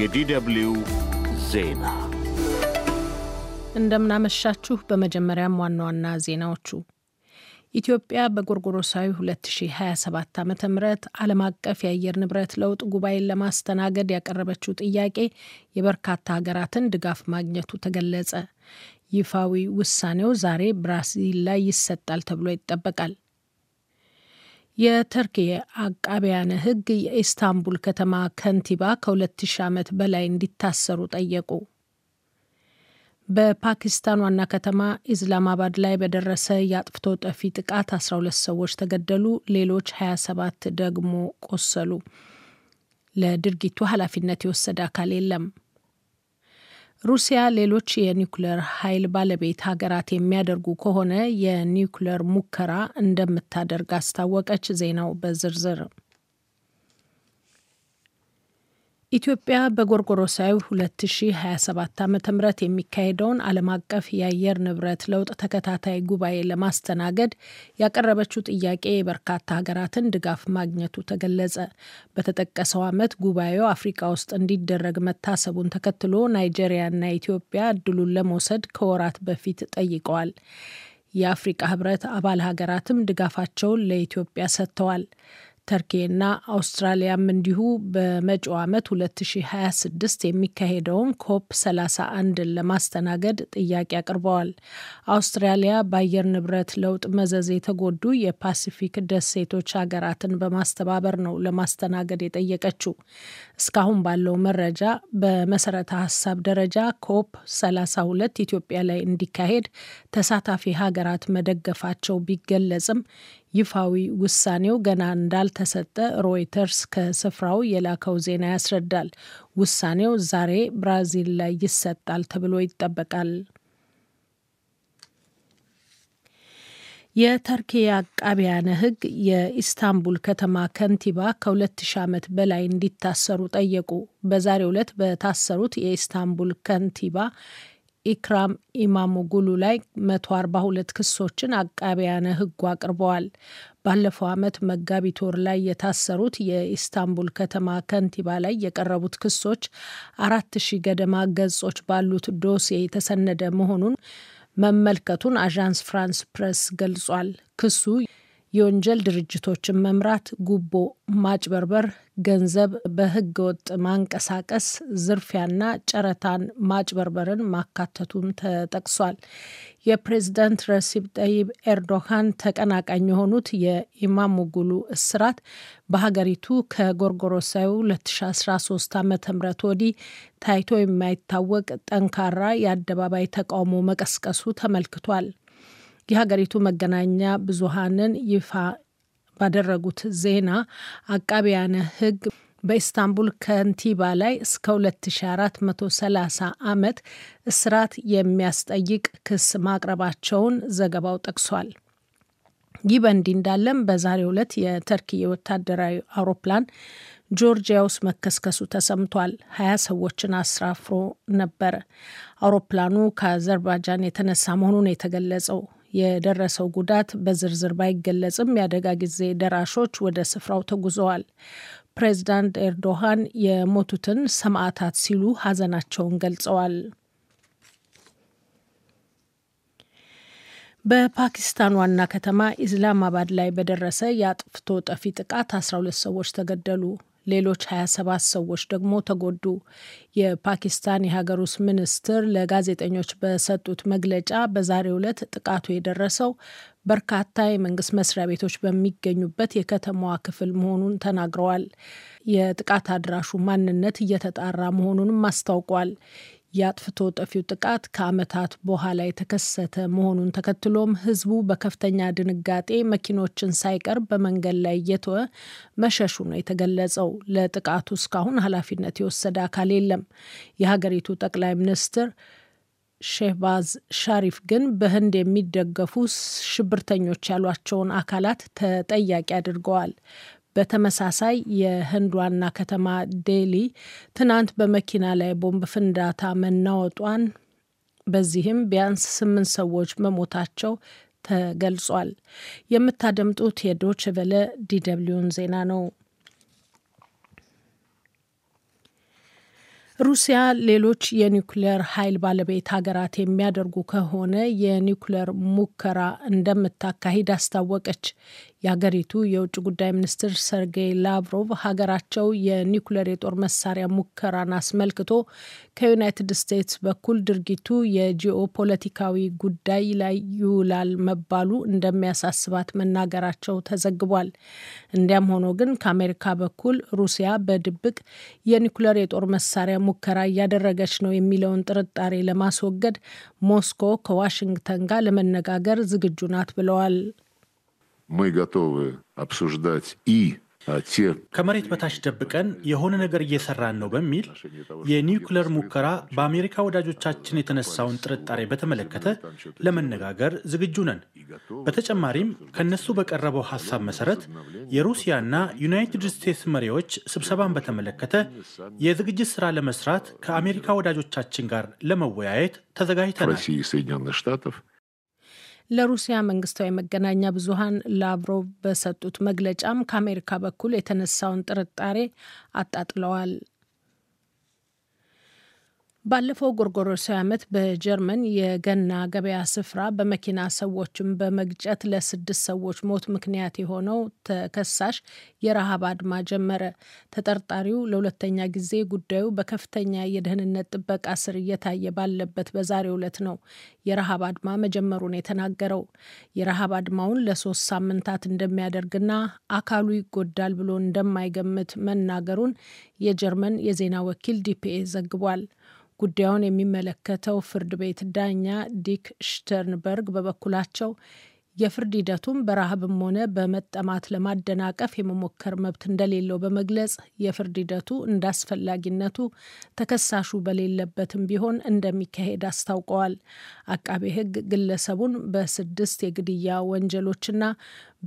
የዲደብልዩ ዜና እንደምናመሻችሁ። በመጀመሪያም ዋና ዋና ዜናዎቹ ኢትዮጵያ በጎርጎሮሳዊ 2027 ዓ ም ዓለም አቀፍ የአየር ንብረት ለውጥ ጉባኤን ለማስተናገድ ያቀረበችው ጥያቄ የበርካታ ሀገራትን ድጋፍ ማግኘቱ ተገለጸ። ይፋዊ ውሳኔው ዛሬ ብራዚል ላይ ይሰጣል ተብሎ ይጠበቃል። የተርኪ አቃቢያነ ሕግ የኢስታንቡል ከተማ ከንቲባ ከ2000 ዓመት በላይ እንዲታሰሩ ጠየቁ። በፓኪስታን ዋና ከተማ ኢስላማባድ ላይ በደረሰ የአጥፍቶ ጠፊ ጥቃት 12 ሰዎች ተገደሉ፣ ሌሎች 27 ደግሞ ቆሰሉ። ለድርጊቱ ኃላፊነት የወሰደ አካል የለም። ሩሲያ ሌሎች የኒውክሌር ኃይል ባለቤት ሀገራት የሚያደርጉ ከሆነ የኒውክሌር ሙከራ እንደምታደርግ አስታወቀች። ዜናው በዝርዝር ኢትዮጵያ በጎርጎሮሳዊ 2027 ዓ ም የሚካሄደውን ዓለም አቀፍ የአየር ንብረት ለውጥ ተከታታይ ጉባኤ ለማስተናገድ ያቀረበችው ጥያቄ የበርካታ ሀገራትን ድጋፍ ማግኘቱ ተገለጸ። በተጠቀሰው ዓመት ጉባኤው አፍሪካ ውስጥ እንዲደረግ መታሰቡን ተከትሎ ናይጄሪያና ኢትዮጵያ እድሉን ለመውሰድ ከወራት በፊት ጠይቀዋል። የአፍሪቃ ህብረት አባል ሀገራትም ድጋፋቸውን ለኢትዮጵያ ሰጥተዋል። ተርኬና አውስትራሊያም እንዲሁ በመጪው ዓመት 2026 የሚካሄደውን ኮፕ 31ን ለማስተናገድ ጥያቄ አቅርበዋል። አውስትራሊያ በአየር ንብረት ለውጥ መዘዝ የተጎዱ የፓሲፊክ ደሴቶች ሀገራትን በማስተባበር ነው ለማስተናገድ የጠየቀችው። እስካሁን ባለው መረጃ በመሰረተ ሀሳብ ደረጃ ኮፕ 32 ኢትዮጵያ ላይ እንዲካሄድ ተሳታፊ ሀገራት መደገፋቸው ቢገለጽም ይፋዊ ውሳኔው ገና እንዳልተሰጠ ሮይተርስ ከስፍራው የላከው ዜና ያስረዳል። ውሳኔው ዛሬ ብራዚል ላይ ይሰጣል ተብሎ ይጠበቃል። የተርኪ አቃቢያነ ሕግ የኢስታንቡል ከተማ ከንቲባ ከ2000 ዓመት በላይ እንዲታሰሩ ጠየቁ። በዛሬው ዕለት በታሰሩት የኢስታንቡል ከንቲባ ኢክራም ጉሉ ላይ 142 ክሶችን አቃቢያነ ሕጉ አቅርበዋል። ባለፈው ዓመት መጋቢት ወር ላይ የታሰሩት የኢስታንቡል ከተማ ከንቲባ ላይ የቀረቡት ክሶች አራት ገደማ ገጾች ባሉት ዶሴ የተሰነደ መሆኑን መመልከቱን አዣንስ ፍራንስ ፕሬስ ገልጿል። ክሱ የወንጀል ድርጅቶችን መምራት፣ ጉቦ ማጭበርበር፣ ገንዘብ በሕገ ወጥ ማንቀሳቀስ፣ ዝርፊያና ጨረታን ማጭበርበርን ማካተቱም ተጠቅሷል። የፕሬዝዳንት ረሲብ ጠይብ ኤርዶሃን ተቀናቃኝ የሆኑት ጉሉ እስራት በሀገሪቱ ከጎርጎሮሳዊ 2013 ዓ ም ወዲህ ታይቶ የማይታወቅ ጠንካራ የአደባባይ ተቃውሞ መቀስቀሱ ተመልክቷል። የሀገሪቱ መገናኛ ብዙሃንን ይፋ ባደረጉት ዜና አቃቢያነ ሕግ በኢስታንቡል ከንቲባ ላይ እስከ 2430 ዓመት እስራት የሚያስጠይቅ ክስ ማቅረባቸውን ዘገባው ጠቅሷል። ይህ በእንዲህ እንዳለም በዛሬው ዕለት የተርኪ ወታደራዊ አውሮፕላን ጆርጂያ ውስጥ መከስከሱ ተሰምቷል። ሀያ ሰዎችን አስራፍሮ ነበር። አውሮፕላኑ ከአዘርባጃን የተነሳ መሆኑን የተገለጸው የደረሰው ጉዳት በዝርዝር ባይገለጽም የአደጋ ጊዜ ደራሾች ወደ ስፍራው ተጉዘዋል። ፕሬዚዳንት ኤርዶሃን የሞቱትን ሰማዕታት ሲሉ ሀዘናቸውን ገልጸዋል። በፓኪስታን ዋና ከተማ ኢስላማባድ ላይ በደረሰ የአጥፍቶ ጠፊ ጥቃት 12 ሰዎች ተገደሉ። ሌሎች 27 ሰዎች ደግሞ ተጎዱ። የፓኪስታን የሀገር ውስጥ ሚኒስትር ለጋዜጠኞች በሰጡት መግለጫ በዛሬው ዕለት ጥቃቱ የደረሰው በርካታ የመንግስት መስሪያ ቤቶች በሚገኙበት የከተማዋ ክፍል መሆኑን ተናግረዋል። የጥቃት አድራሹ ማንነት እየተጣራ መሆኑንም አስታውቋል። የአጥፍቶ ጠፊው ጥቃት ከዓመታት በኋላ የተከሰተ መሆኑን ተከትሎም ህዝቡ በከፍተኛ ድንጋጤ መኪኖችን ሳይቀር በመንገድ ላይ እየተወ መሸሹ ነው የተገለጸው። ለጥቃቱ እስካሁን ኃላፊነት የወሰደ አካል የለም። የሀገሪቱ ጠቅላይ ሚኒስትር ሼህባዝ ሻሪፍ ግን በህንድ የሚደገፉ ሽብርተኞች ያሏቸውን አካላት ተጠያቂ አድርገዋል። በተመሳሳይ የህንድ ዋና ከተማ ዴሊ ትናንት በመኪና ላይ ቦምብ ፍንዳታ መናወጧን በዚህም ቢያንስ ስምንት ሰዎች መሞታቸው ተገልጿል። የምታደምጡት የዶችቨለ ዲደብሊውን ዜና ነው። ሩሲያ ሌሎች የኒውክሌር ኃይል ባለቤት ሀገራት የሚያደርጉ ከሆነ የኒውክሌር ሙከራ እንደምታካሂድ አስታወቀች። የሀገሪቱ የውጭ ጉዳይ ሚኒስትር ሰርጌይ ላቭሮቭ ሀገራቸው የኒውክሌር የጦር መሳሪያ ሙከራን አስመልክቶ ከዩናይትድ ስቴትስ በኩል ድርጊቱ የጂኦፖለቲካዊ ጉዳይ ላይ ይውላል መባሉ እንደሚያሳስባት መናገራቸው ተዘግቧል። እንዲያም ሆኖ ግን ከአሜሪካ በኩል ሩሲያ በድብቅ የኒውክሌር የጦር መሳሪያ ሙከራ እያደረገች ነው የሚለውን ጥርጣሬ ለማስወገድ ሞስኮ ከዋሽንግተን ጋር ለመነጋገር ዝግጁ ናት ብለዋል። Мы готовы обсуждать и ከመሬት በታች ደብቀን የሆነ ነገር እየሰራን ነው በሚል የኒውክለር ሙከራ በአሜሪካ ወዳጆቻችን የተነሳውን ጥርጣሬ በተመለከተ ለመነጋገር ዝግጁ ነን። በተጨማሪም ከነሱ በቀረበው ሀሳብ መሰረት የሩሲያና ዩናይትድ ስቴትስ መሪዎች ስብሰባን በተመለከተ የዝግጅት ስራ ለመስራት ከአሜሪካ ወዳጆቻችን ጋር ለመወያየት ተዘጋጅተናል። ለሩሲያ መንግስታዊ መገናኛ ብዙሃን ላቭሮቭ በሰጡት መግለጫም ከአሜሪካ በኩል የተነሳውን ጥርጣሬ አጣጥለዋል። ባለፈው ጎርጎሮሳዊ ዓመት በጀርመን የገና ገበያ ስፍራ በመኪና ሰዎችን በመግጨት ለስድስት ሰዎች ሞት ምክንያት የሆነው ተከሳሽ የረሃብ አድማ ጀመረ። ተጠርጣሪው ለሁለተኛ ጊዜ ጉዳዩ በከፍተኛ የደህንነት ጥበቃ ስር እየታየ ባለበት በዛሬው ዕለት ነው የረሃብ አድማ መጀመሩን የተናገረው። የረሃብ አድማውን ለሶስት ሳምንታት እንደሚያደርግና አካሉ ይጎዳል ብሎ እንደማይገምት መናገሩን የጀርመን የዜና ወኪል ዲፒኤ ዘግቧል። ጉዳዩን የሚመለከተው ፍርድ ቤት ዳኛ ዲክ ሽተርንበርግ በበኩላቸው የፍርድ ሂደቱን በረሃብም ሆነ በመጠማት ለማደናቀፍ የመሞከር መብት እንደሌለው በመግለጽ የፍርድ ሂደቱ እንዳስፈላጊነቱ ተከሳሹ በሌለበትም ቢሆን እንደሚካሄድ አስታውቀዋል። አቃቤ ሕግ ግለሰቡን በስድስት የግድያ ወንጀሎችና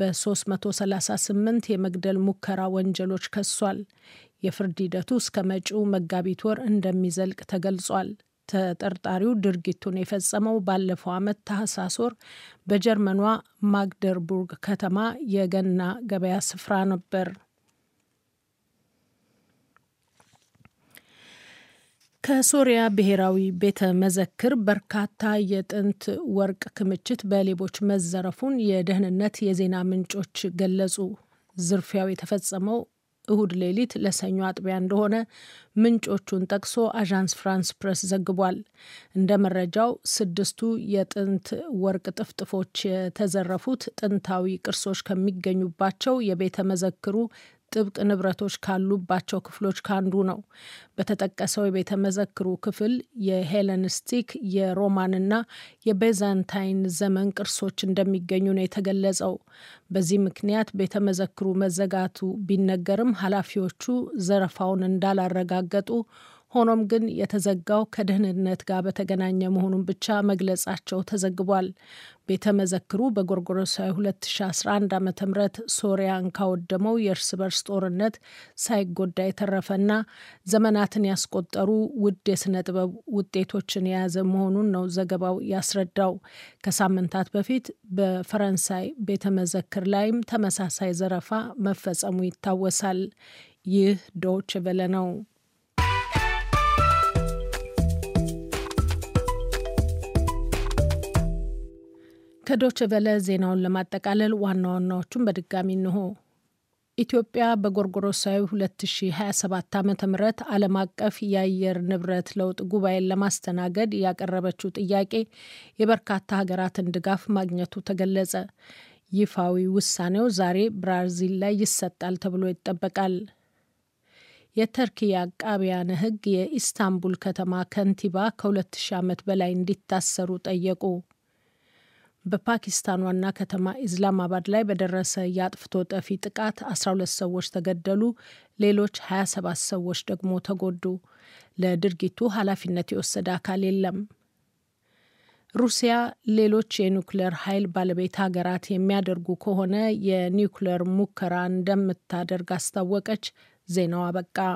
በ338 የመግደል ሙከራ ወንጀሎች ከሷል። የፍርድ ሂደቱ እስከ መጪው መጋቢት ወር እንደሚዘልቅ ተገልጿል። ተጠርጣሪው ድርጊቱን የፈጸመው ባለፈው ዓመት ታህሳስ ወር በጀርመኗ ማግደርቡርግ ከተማ የገና ገበያ ስፍራ ነበር። ከሶሪያ ብሔራዊ ቤተ መዘክር በርካታ የጥንት ወርቅ ክምችት በሌቦች መዘረፉን የደህንነት የዜና ምንጮች ገለጹ። ዝርፊያው የተፈጸመው እሁድ ሌሊት ለሰኞ አጥቢያ እንደሆነ ምንጮቹን ጠቅሶ አዣንስ ፍራንስ ፕሬስ ዘግቧል። እንደ መረጃው ስድስቱ የጥንት ወርቅ ጥፍጥፎች የተዘረፉት ጥንታዊ ቅርሶች ከሚገኙባቸው የቤተ መዘክሩ ጥብቅ ንብረቶች ካሉባቸው ክፍሎች ካንዱ ነው። በተጠቀሰው የቤተ መዘክሩ ክፍል የሄለንስቲክ የሮማንና የቤዛንታይን ዘመን ቅርሶች እንደሚገኙ ነው የተገለጸው። በዚህ ምክንያት ቤተ መዘክሩ መዘጋቱ ቢነገርም ኃላፊዎቹ ዘረፋውን እንዳላረጋገጡ ሆኖም ግን የተዘጋው ከደህንነት ጋር በተገናኘ መሆኑን ብቻ መግለጻቸው ተዘግቧል። ቤተ መዘክሩ በጎርጎሮሳዊ 2011 ዓ ም ሶሪያን ካወደመው የእርስ በርስ ጦርነት ሳይጎዳ የተረፈና ዘመናትን ያስቆጠሩ ውድ የሥነ ጥበብ ውጤቶችን የያዘ መሆኑን ነው ዘገባው ያስረዳው። ከሳምንታት በፊት በፈረንሳይ ቤተ መዘክር ላይም ተመሳሳይ ዘረፋ መፈጸሙ ይታወሳል። ይህ በለ ነው። ከዶች ቨለ ዜናውን ለማጠቃለል ዋና ዋናዎቹን በድጋሚ እንሆ። ኢትዮጵያ በጎርጎሮሳዊ 2027 ዓ ም ዓለም አቀፍ የአየር ንብረት ለውጥ ጉባኤን ለማስተናገድ ያቀረበችው ጥያቄ የበርካታ ሀገራትን ድጋፍ ማግኘቱ ተገለጸ። ይፋዊ ውሳኔው ዛሬ ብራዚል ላይ ይሰጣል ተብሎ ይጠበቃል። የተርኪ አቃቢያነ ሕግ የኢስታንቡል ከተማ ከንቲባ ከ2000 ዓመት በላይ እንዲታሰሩ ጠየቁ። በፓኪስታን ዋና ከተማ ኢስላማባድ ላይ በደረሰ የአጥፍቶ ጠፊ ጥቃት 12 ሰዎች ተገደሉ፣ ሌሎች 27 ሰዎች ደግሞ ተጎዱ። ለድርጊቱ ኃላፊነት የወሰደ አካል የለም። ሩሲያ ሌሎች የኒውክሌር ኃይል ባለቤት ሀገራት የሚያደርጉ ከሆነ የኒውክሌር ሙከራ እንደምታደርግ አስታወቀች። ዜናው አበቃ።